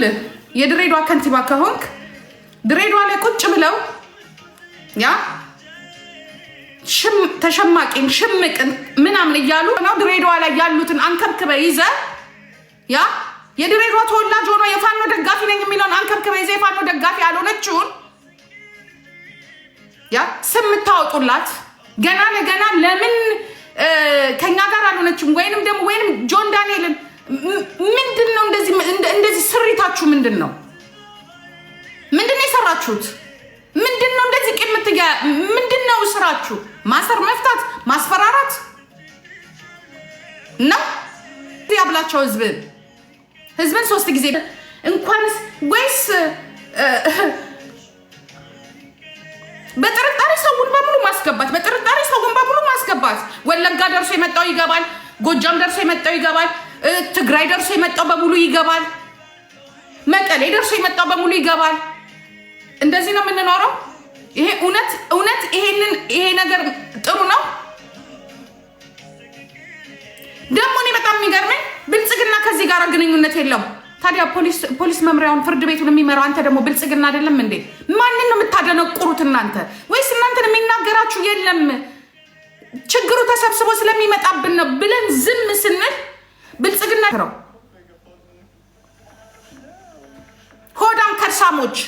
ይኸውልህ የድሬዷ ከንቲባ ከሆንክ ድሬዷ ላይ ቁጭ ብለው ያ ተሸማቂን ሽምቅን ምናምን እያሉ ነው ድሬዳዋ ላይ ያሉትን አንከብክበ ይዘ ያ የድሬዷ ተወላጅ ሆኖ የፋኖ ደጋፊ ነኝ የሚለውን አንከብክበ ይዘ የፋኖ ደጋፊ ያልሆነችውን ያ ስም የምታወጡላት ገና ለገና ለምን ከኛ ጋር አልሆነችም ወይንም ደግሞ ወይንም ጆን ዳንኤልን ምንድን ነው? ምንድን ነው የሰራችሁት? ምንድን ነው እንደዚህ ቂም የምትገ ምንድን ነው ስራችሁ? ማሰር፣ መፍታት፣ ማስፈራራት ነው። ያብላቸው ህዝብን ህዝብን ሶስት ጊዜ እንኳንስ ወይስ በጥርጣሬ ሰውን በሙሉ ማስገባት፣ በጥርጣሬ ሰውን በሙሉ ማስገባት። ወለጋ ደርሶ የመጣው ይገባል፣ ጎጃም ደርሶ የመጣው ይገባል፣ ትግራይ ደርሶ የመጣው በሙሉ ይገባል። መቀሌ ደርሶ የመጣው በሙሉ ይገባል። እንደዚህ ነው የምንኖረው። ይሄ እውነት እውነት ይሄንን ይሄ ነገር ጥሩ ነው። ደግሞ እኔ በጣም የሚገርመኝ ብልጽግና ከዚህ ጋር ግንኙነት የለው። ታዲያ ፖሊስ መምሪያውን ፍርድ ቤቱን የሚመራው አንተ ደግሞ ብልጽግና አይደለም እንዴ? ማንን ነው የምታደነቁሩት እናንተ? ወይስ እናንተን የሚናገራችሁ የለም ችግሩ ተሰብስቦ ስለሚመጣብን ነው ብለን ዝም ስንል ብልጽግና ነው። ከርሳሞች፣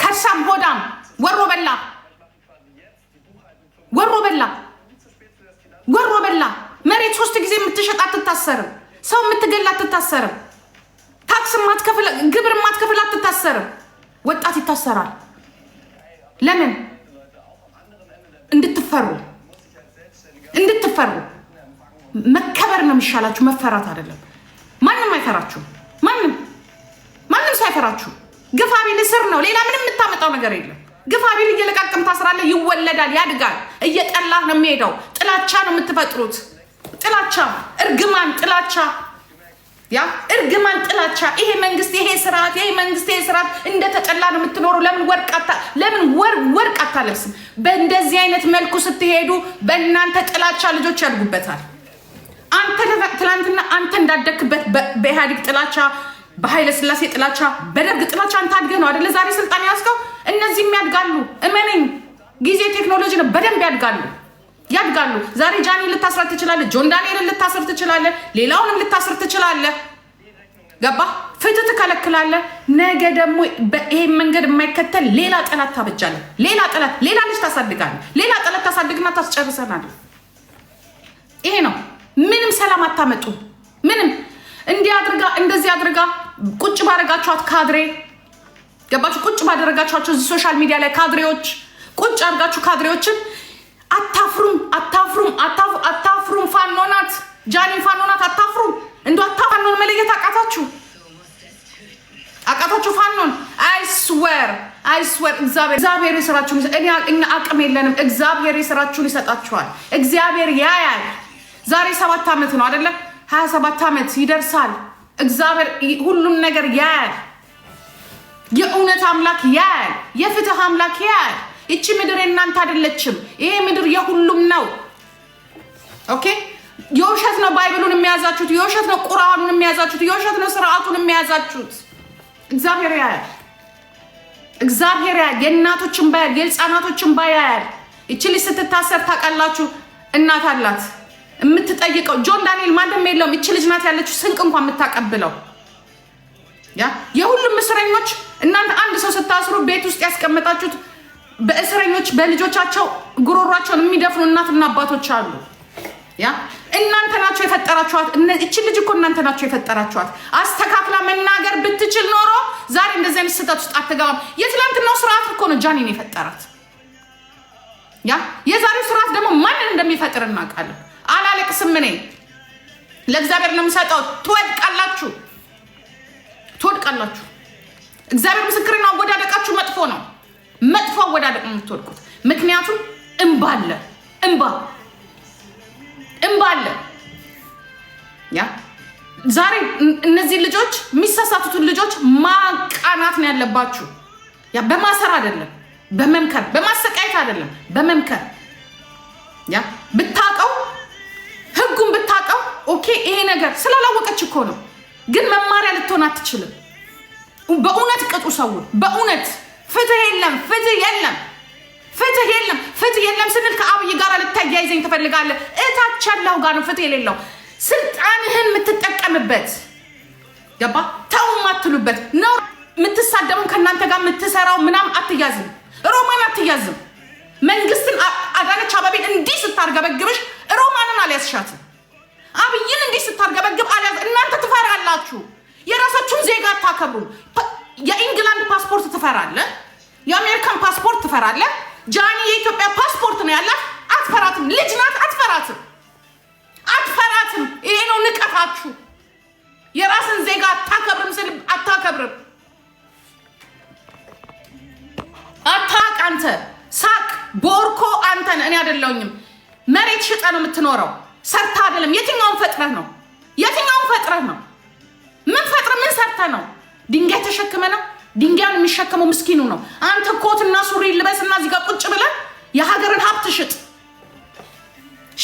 ከርሳም ሆዳም፣ ወሮ በላ ወሮ በላ ወሮ በላ መሬት ሶስት ጊዜ የምትሸጥ አትታሰርም። ሰው የምትገላ አትታሰርም። ታክስ ማትከፍል ግብር ማትከፍል አትታሰርም። ወጣት ይታሰራል። ለምን? እንድትፈሩ እንድትፈሩ። መከበር ነው የሚሻላችሁ፣ መፈራት አይደለም። ማንም አይፈራችሁም። አይፈራችሁም። ግፋ ቢል እስር ነው። ሌላ ምንም የምታመጣው ነገር የለም። ግፋ ቢል እየለቃቅም ታስራለ። ይወለዳል፣ ያድጋል። እየጠላ ነው የሚሄደው። ጥላቻ ነው የምትፈጥሩት። ጥላቻ፣ እርግማን፣ ጥላቻ ያ እርግማን ጥላቻ። ይሄ መንግስት፣ ይሄ ስርዓት፣ ይሄ መንግስት፣ ይሄ ስርዓት እንደተጠላ ነው የምትኖሩ። ለምን ወርቃታ ለምን ወርቅ አታለብስም? በእንደዚህ አይነት መልኩ ስትሄዱ በእናንተ ጥላቻ ልጆች ያድጉበታል። አንተ ትናንትና አንተ እንዳደግክበት በኢህአዴግ ጥላቻ በኃይለ ስላሴ ጥላቻ፣ በደርግ ጥላቻ አንተ አድገህ ነው አደለ ዛሬ ስልጣን ያዝከው። እነዚህም ያድጋሉ፣ እመነኝ። ጊዜ ቴክኖሎጂ ነው። በደንብ ያድጋሉ ያድጋሉ። ዛሬ ጃኒ ልታስራት ትችላለህ፣ ጆን ዳንኤልን ልታስር ትችላለህ፣ ሌላውንም ልታስር ትችላለህ። ገባ ፍትህ ትከለክላለህ። ነገ ደግሞ ይሄን መንገድ የማይከተል ሌላ ጠላት ታበጃለህ። ሌላ ጠላት፣ ሌላ ልጅ ታሳድጋለህ። ሌላ ጠላት ታሳድግና ታስጨርሰናል። ይሄ ነው። ምንም ሰላም አታመጡ። ምንም እንዲህ አድርጋ እንደዚህ አድርጋ ቁጭ ባደረጋችኋት ካድሬ ገባችሁ? ቁጭ ባደረጋችኋቸው ሶሻል ሚዲያ ላይ ካድሬዎች ቁጭ አድርጋችሁ ካድሬዎችን አታፍሩም፣ አታፍሩም፣ አታፍሩም። ፋኖናት ጃኒን ፋኖናት አታፍሩም። አታ ፋኖን መለየት አቃታችሁ፣ አቃታችሁ ፋኖን። አይስወር አይስወር እግዚአብሔር የስራችሁን እኛ አቅም የለንም። እግዚአብሔር የስራችሁን ይሰጣችኋል። እግዚአብሔር ያያል። ዛሬ ሰባት ዓመት ነው አይደለም? ሀያ ሰባት ዓመት ይደርሳል እግዚአብሔር ሁሉም ነገር ያያል። የእውነት አምላክ ያያል። የፍትህ አምላክ ያያል። ይቺ ምድር የእናንተ አይደለችም። ይሄ ምድር የሁሉም ነው። ኦኬ የውሸት ነው ባይብሉን የሚያዛችሁት፣ የውሸት ነው ቁርአኑን የሚያዛችሁት፣ የውሸት ነው ስርዓቱን የሚያዛችሁት። እግዚአብሔር ያያል። እግዚአብሔር ያያል። የእናቶችን ባያል፣ የህፃናቶችን ባያል። ይቺ ልጅ ስትታሰር ታውቃላችሁ፣ እናት አላት። የምትጠይቀው ጆን ዳንኤል ማንም የለውም። ይቺ ልጅ ናት ያለችው ስንቅ እንኳን የምታቀብለው። ያ የሁሉም እስረኞች እናንተ አንድ ሰው ስታስሩ ቤት ውስጥ ያስቀመጣችሁት በእስረኞች በልጆቻቸው ጉሮሯቸውን የሚደፍኑ እናትና አባቶች አሉ። ያ እናንተ ናቸው የፈጠራችኋት። እቺ ልጅ እኮ እናንተ ናቸው የፈጠራችኋት። አስተካክላ መናገር ብትችል ኖሮ ዛሬ እንደዚህ አይነት ስህተት ውስጥ አትገባም። የትላንትናው ስርዓት እኮ ነው ጃኒን የፈጠራት። ያ የዛሬው ስርዓት ደግሞ ማንን እንደሚፈጥር እናውቃለን። አለቅስም እኔ ለእግዚአብሔር ነው የምሰጠው። ትወድቃላችሁ፣ ትወድቃላችሁ። እግዚአብሔር ምስክርና አወዳደቃችሁ መጥፎ ነው። መጥፎ አወዳደቅ ነው የምትወድቁት። ምክንያቱም እምባ አለ፣ እምባ እምባ አለ። ያ ዛሬ እነዚህ ልጆች የሚሳሳቱትን ልጆች ማቃናት ነው ያለባችሁ። ያ በማሰር አይደለም፣ በመምከር በማሰቃየት አይደለም፣ በመምከር ያ ነገር ስላላወቀች እኮ ነው። ግን መማሪያ ልትሆን አትችልም። በእውነት ቅጡ ሰው፣ በእውነት ፍትህ የለም፣ ፍትህ የለም፣ ፍትህ የለም፣ ፍትህ የለም ስንል ከአብይ ጋር ልታያይዘኝ ትፈልጋለህ? እታች ያለው ጋር ነው ፍትህ የሌለው። ስልጣንህን የምትጠቀምበት ገባ ተው ማትሉበት ነው። የምትሳደበው ከእናንተ ጋር የምትሰራው ምናም አትያዝም፣ ሮማን አትያዝም። መንግስትን አዳነች አበቤን እንዲህ ስታርገበግብሽ ሮማንን አልያዝሻትም። አብይን እንዲህ ስታርገበግብ አልያዝ እናንተ ትፈራላችሁ። የራሳችሁን ዜጋ አታከብሩም። የኢንግላንድ ፓስፖርት ትፈራለ፣ የአሜሪካን ፓስፖርት ትፈራለ። ጃኒ የኢትዮጵያ ፓስፖርት ነው ያላት። አትፈራትም፣ ልጅ ናት። አትፈራትም፣ አትፈራትም። ይሄ ነው ንቀታችሁ። የራስን ዜጋ አታከብርም ስል አታከብርም። አታቅ አንተ ሳቅ ቦርኮ አንተን እኔ አይደለሁኝም። መሬት ሽጠ ነው የምትኖረው ሰርታ አይደለም የትኛው ፈጥረህ ነው? የትኛውን ፈጥረህ ነው? ምን ፈጥረህ ምን ሰርተህ ነው? ድንጋይ ተሸክመ ነው? ድንጋዩን የሚሸከመው ምስኪኑ ነው። አንተ ኮትና ሱሪ ልበስና እዚህ ጋር ቁጭ ብለህ የሀገርን ሀብት ሽጥ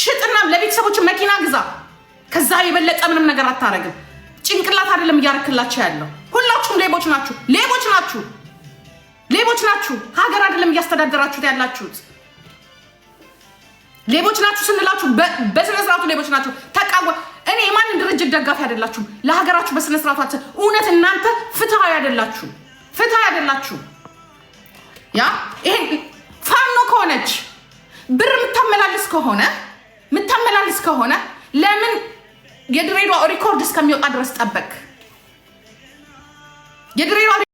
ሽጥና ለቤተሰቦች መኪና ግዛ። ከዛ የበለጠ ምንም ነገር አታረግም። ጭንቅላት አይደለም እያረክላቸው ያለው። ሁላችሁም ሌቦች ናችሁ፣ ሌቦች ናችሁ፣ ሌቦች ናችሁ። ሀገር አይደለም እያስተዳደራችሁት ያላችሁት። ሌቦች ናችሁ ስንላችሁ በስነስርዓቱ ሌቦች ናችሁ ተቃወ እኔ የማንም ድርጅት ደጋፊ አይደላችሁም። ለሀገራችሁ በስነ ስርዓታችሁ እውነት እናንተ ፍትሃዊ አይደላችሁ፣ ፍትሃዊ አይደላችሁ። ያ ይሄን ፋኖ ከሆነች ብር የምታመላልስ ከሆነ የምታመላልስ ከሆነ ለምን የድሬዷ ሪኮርድ እስከሚወጣ ድረስ ጠበቅ የድሬዷ